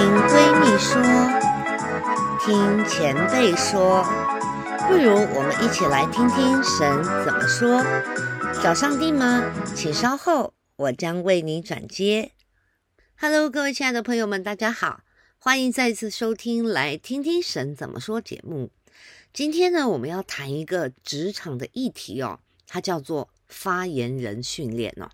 聽閨蜜說，聽前輩說，不如我們一起來聽聽神怎麼說。找上帝嗎？請稍後，我將為你轉接。Hello，各位親愛的朋友們，大家好，歡迎再次收聽《來聽聽神怎麼說》節目。今天呢，我們要談一個職場的議題哦，它叫做發言人訓練哦。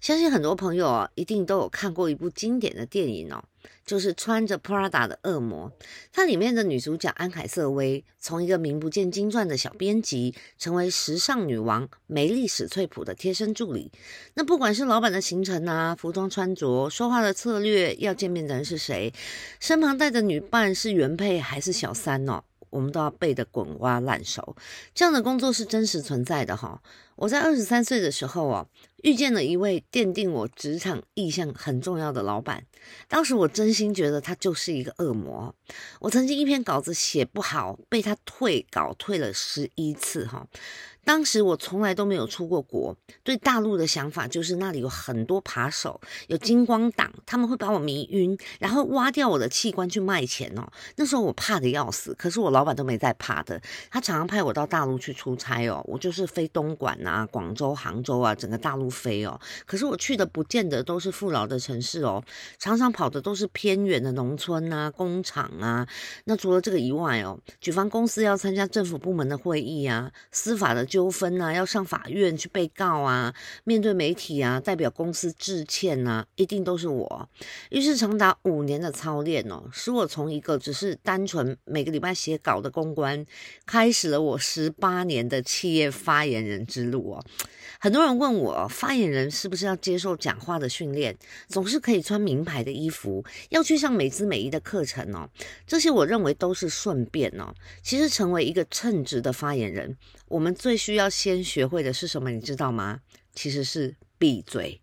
相信很多朋友一定都有看過一部經典的電影哦。就是穿着 Prada 的惡魔，它裡面的女主角安海瑟薇從一個名不見經傳的小編輯，成為時尚女王梅麗史翠普的貼身助理。那不管是老闆的行程啊，服裝穿着，說話的策略，要見面的人是誰，身旁帶的女伴是原配還是小三哦，我們都要背得滾瓜爛熟。這樣的工作是真實存在的哈、哦。我在二十三歲的時候啊，遇見了一位奠定我職場意向很重要的老板。當時我真心覺得他就是一個惡魔。我曾經一篇稿子寫不好，被他退稿退了十一次哈。當時我從來都沒有出過國，對大陸的想法就是那裡有很多扒手，有金光黨，他們會把我迷暈，然後挖掉我的器官去賣錢哦。那時候我怕得要死，可是我老板都沒在怕的，他常常派我到大陸去出差哦，我就是飛東莞吶、啊。啊，廣州、杭州啊，整個大陸飛哦。可是我去的不見得都是富饒的城市哦，常常跑的都是偏遠的農村啊、工廠啊。那除了這個以外哦，舉方公司要參加政府部門的會議啊，司法的糾紛吶、啊，要上法院去被告啊，面對媒體啊，代表公司致歉吶、啊，一定都是我。於是長達五年的操練哦，使我從一個只是單純每個禮拜寫稿的公關，開始了我十八年的企業發言人之路。很多人問我，發言人是不是要接受講話的訓練？總是可以穿名牌的衣服，要去上美姿美儀的課程哦。這些我認為都是順便哦。其實成為一個稱職的發言人，我們最需要先學會的是什麼？你知道嗎？其實是閉嘴。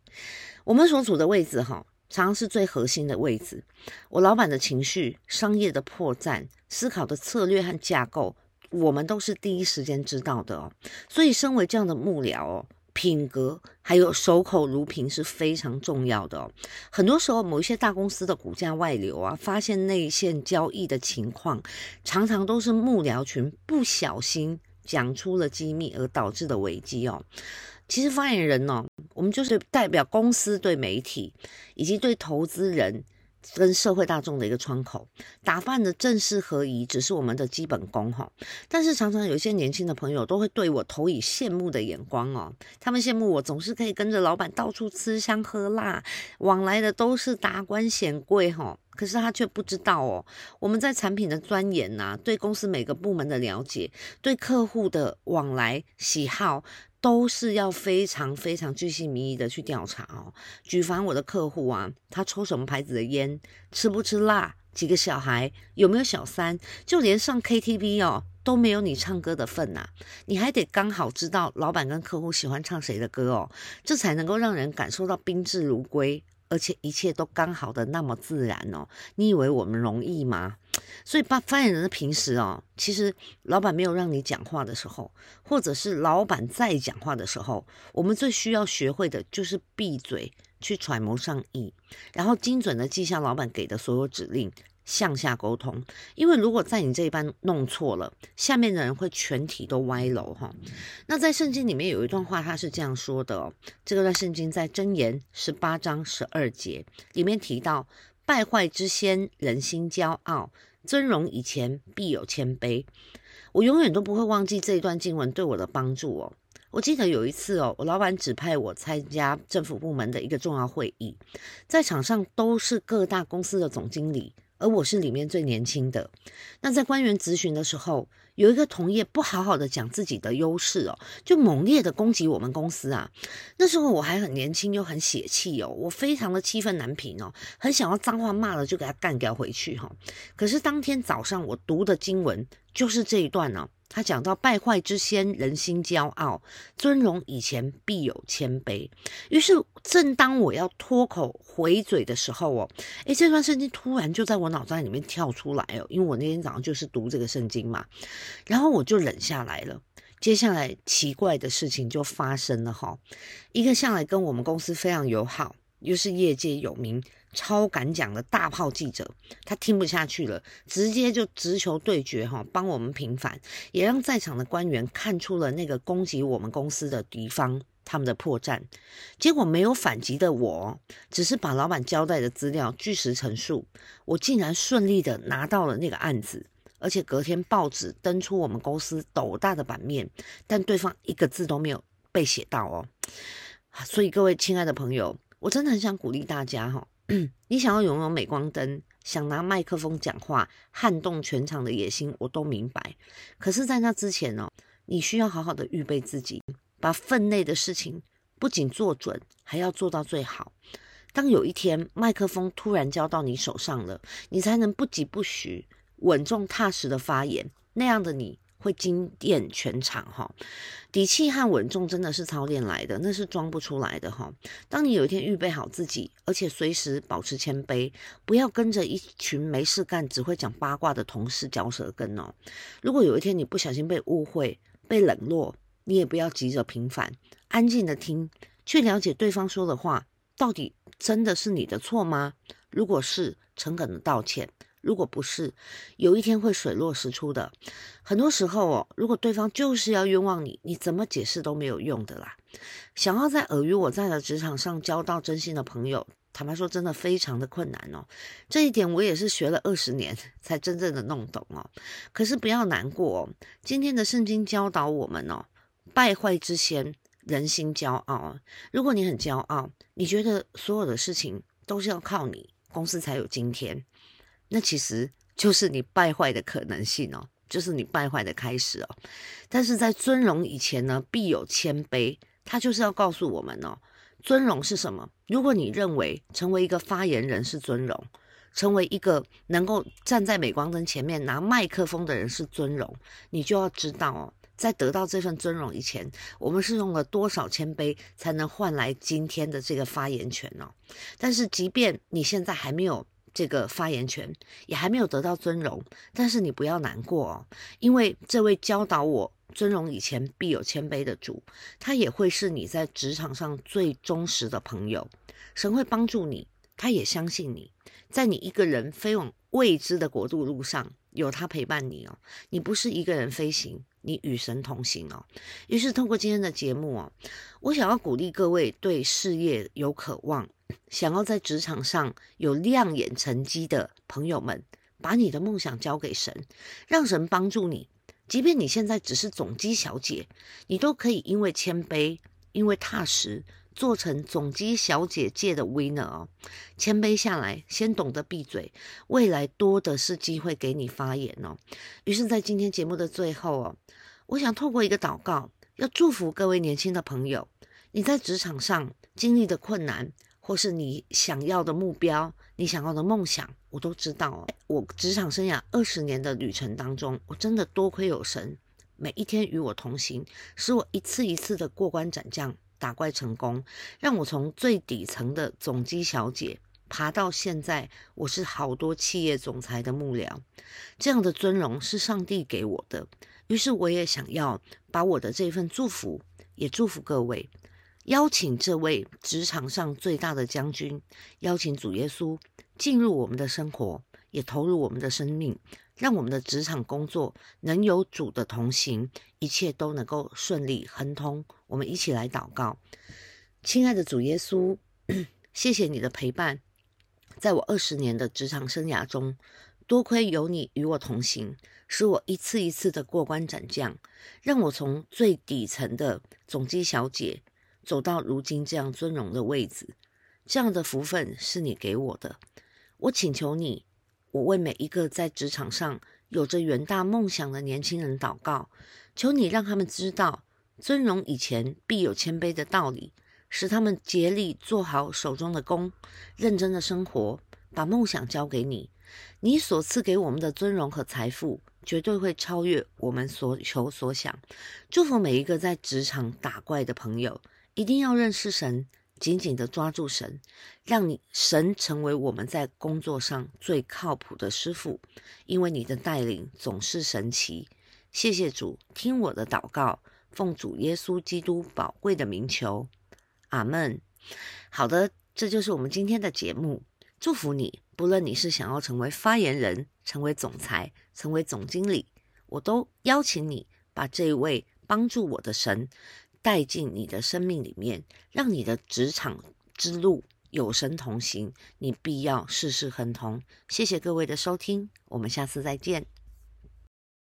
我們所處的位置哈，常常是最核心的位置。我老板的情緒、商業的破綻、思考的策略和架構。我們都是第一時間知道的哦，所以身為這樣的幕僚哦，品格還有守口如瓶是非常重要的哦。很多時候，某一些大公司的股價外流啊，發現內線交易的情況，常常都是幕僚群不小心講出了機密而導致的危機哦。其實發言人呢、哦，我們就是代表公司對媒體以及對投資人。跟社會大眾的一個窗口，打扮的正式合宜，只是我們的基本功哈。但是常常有一些年輕的朋友都會對我投以羨慕的眼光哦。他們羨慕我總是可以跟着老板到處吃香喝辣，往來的都是達官顯貴哈。可是他卻不知道哦，我們在產品的鑽研吶，對公司每個部門的了解，對客戶的往來喜好。都是要非常非常巨細靡遺的去調查哦。舉凡我的客戶啊，他抽什麼牌子的菸，吃不吃辣，幾個小孩，有沒有小三，就連上 KTV 哦，都沒有你唱歌的份吶、啊。你還得剛好知道老板跟客戶喜歡唱誰的歌哦，這才能夠讓人感受到賓至如歸，而且一切都剛好的那麼自然哦。你以為我們容易嗎？所以，發發言人的平時哦，其實老板沒有讓你講話的時候，或者是老板在講話的時候，我們最需要學會的就是閉嘴，去揣摩上意，然後精準的記下老板給的所有指令，向下溝通。因為如果在你這一班弄錯了，下面的人會全體都歪樓哈、哦。那在聖經裡面有一段話，他是這樣說的、哦，這個在聖經在箴言十八章十二節裡面提到，敗壞之先，人心驕傲。尊榮以前必有謙卑，我永遠都不會忘記這一段經文對我的幫助哦。我記得有一次哦，我老板指派我參加政府部門的一個重要會議，在場上都是各大公司的總經理。而我是裡面最年輕的。那在官員諮詢的時候，有一個同業不好好的講自己的優勢哦，就猛烈的攻擊我們公司啊。那時候我還很年輕又很血氣哦，我非常的氣憤難平哦，很想要髒話罵了就給他幹掉回去哈、哦。可是當天早上我讀的經文就是這一段呢、哦。他講到敗壞之先，人心驕傲，尊榮以前必有謙卑。於是，正當我要脫口回嘴的時候，哦，誒，這段聖經突然就在我腦袋裡面跳出來哦，因為我那天早上就是讀這個聖經嘛，然後我就忍下來了。接下來奇怪的事情就發生了哈、哦，一個向來跟我們公司非常友好，又是業界有名。超敢講的大炮記者，他聽不下去了，直接就直球對決哈，幫我們平反，也讓在場的官員看出了那個攻擊我們公司的敵方他們的破綻。結果沒有反擊的我，只是把老闆交代的資料據實陳述，我竟然順利的拿到了那個案子，而且隔天報紙登出我們公司斗大的版面，但對方一個字都沒有被寫到哦。所以各位親愛的朋友，我真的很想鼓勵大家哈。嗯，你想要擁有鎂光燈，想拿麥克風講話撼動全場的野心，我都明白。可是，在那之前哦，你需要好好的預備自己，把分內的事情不僅做準，還要做到最好。當有一天麥克風突然交到你手上了，你才能不疾不徐、穩重踏實的發言。那樣的你。會驚艷全場哈，底氣和穩重真的是操練來的，那是裝不出來的哈。當你有一天預備好自己，而且隨時保持謙卑，不要跟着一群沒事幹、只會講八卦的同事嚼舌根哦。如果有一天你不小心被誤會、被冷落，你也不要急着平反，安靜的聽，去了解對方說的話，到底真的是你的錯嗎？如果是，誠懇的道歉。如果不是，有一天會水落石出的。很多時候哦，如果對方就是要冤枉你，你怎麼解釋都沒有用的啦。想要在爾虞我詐的職場上交到真心的朋友，坦白說真的非常的困難哦。這一點我也是學了二十年才真正的弄懂哦。可是不要難過哦，今天的聖經教導我們哦：敗壞之先，人心驕傲。如果你很驕傲，你覺得所有的事情，都是要靠你，公司才有今天。那其實就是你敗壞的可能性哦，就是你敗壞的開始哦。但是在尊榮以前呢，必有謙卑。他就是要告訴我們哦，尊榮是什麼？如果你認為成為一個發言人是尊榮，成為一個能夠站在鎂光燈前面拿麥克風的人是尊榮，你就要知道哦，在得到這份尊榮以前，我們是用了多少謙卑才能換來今天的這個發言權哦。但是即便你現在還沒有。這個發言權也還沒有得到尊榮，但是你不要難過哦，因為這位教導我尊榮以前必有謙卑的主，他也會是你在職場上最忠實的朋友。神會幫助你，他也相信你，在你一個人飛往未知的國度路上，有他陪伴你哦，你不是一個人飛行，你與神同行哦。於是通過今天的節目哦，我想要鼓勵各位對事業有渴望、想要在職場上有亮眼成績的朋友們，把你的夢想交給神，讓神幫助你。即便你現在只是總機小姐，你都可以因為謙卑，因為踏實。做成總機小姐界的 winner 哦，謙卑下來，先懂得閉嘴，未來多的是機會給你發言哦。於是，在今天節目的最後哦，我想透過一個禱告，要祝福各位年輕的朋友，你在職場上經歷的困難，或是你想要的目標，你想要的夢想，我都知道哦。我職場生涯二十年的旅程當中，我真的多虧有神，每一天與我同行，使我一次一次的過關斬將。打怪成功，讓我從最底層的總機小姐爬到現在，我是好多企業總裁的幕僚，這樣的尊榮是上帝給我的。於是我也想要把我的這份祝福也祝福各位，邀請這位職場上最大的將軍，邀請主耶穌進入我們的生活。也投入我們的生命，讓我們的職場工作能有主的同行，一切都能夠順利亨通。我們一起來禱告，親愛的主耶穌，謝謝你的陪伴。在我二十年的職場生涯中，多虧有你與我同行，使我一次一次的過關斬將，讓我從最底層的總機小姐走到如今這樣尊榮的位置。這樣的福分是你給我的。我請求你，我為每一個在職場上有着遠大夢想的年輕人禱告，求你讓他們知道尊榮以前必有謙卑的道理，使他們竭力做好手中的工，認真的生活，把夢想交給你。你所賜給我們的尊榮和財富，絕對會超越我們所求所想。祝福每一個在職場打怪的朋友，一定要認識神。緊緊地抓住神，讓你神成為我們在工作上最靠譜的師傅，因為你的帶領總是神奇。謝謝主，聽我的禱告，奉主耶穌基督寶貴的名求，阿門。好的，這就是我們今天的節目。祝福你，不論你是想要成為發言人、成為總裁、成為總經理，我都邀請你把這一位幫助我的神。帶進你的生命裡面，讓你的職場之路有神同行，你必要事事亨通。謝謝各位的收聽，我們下次再見。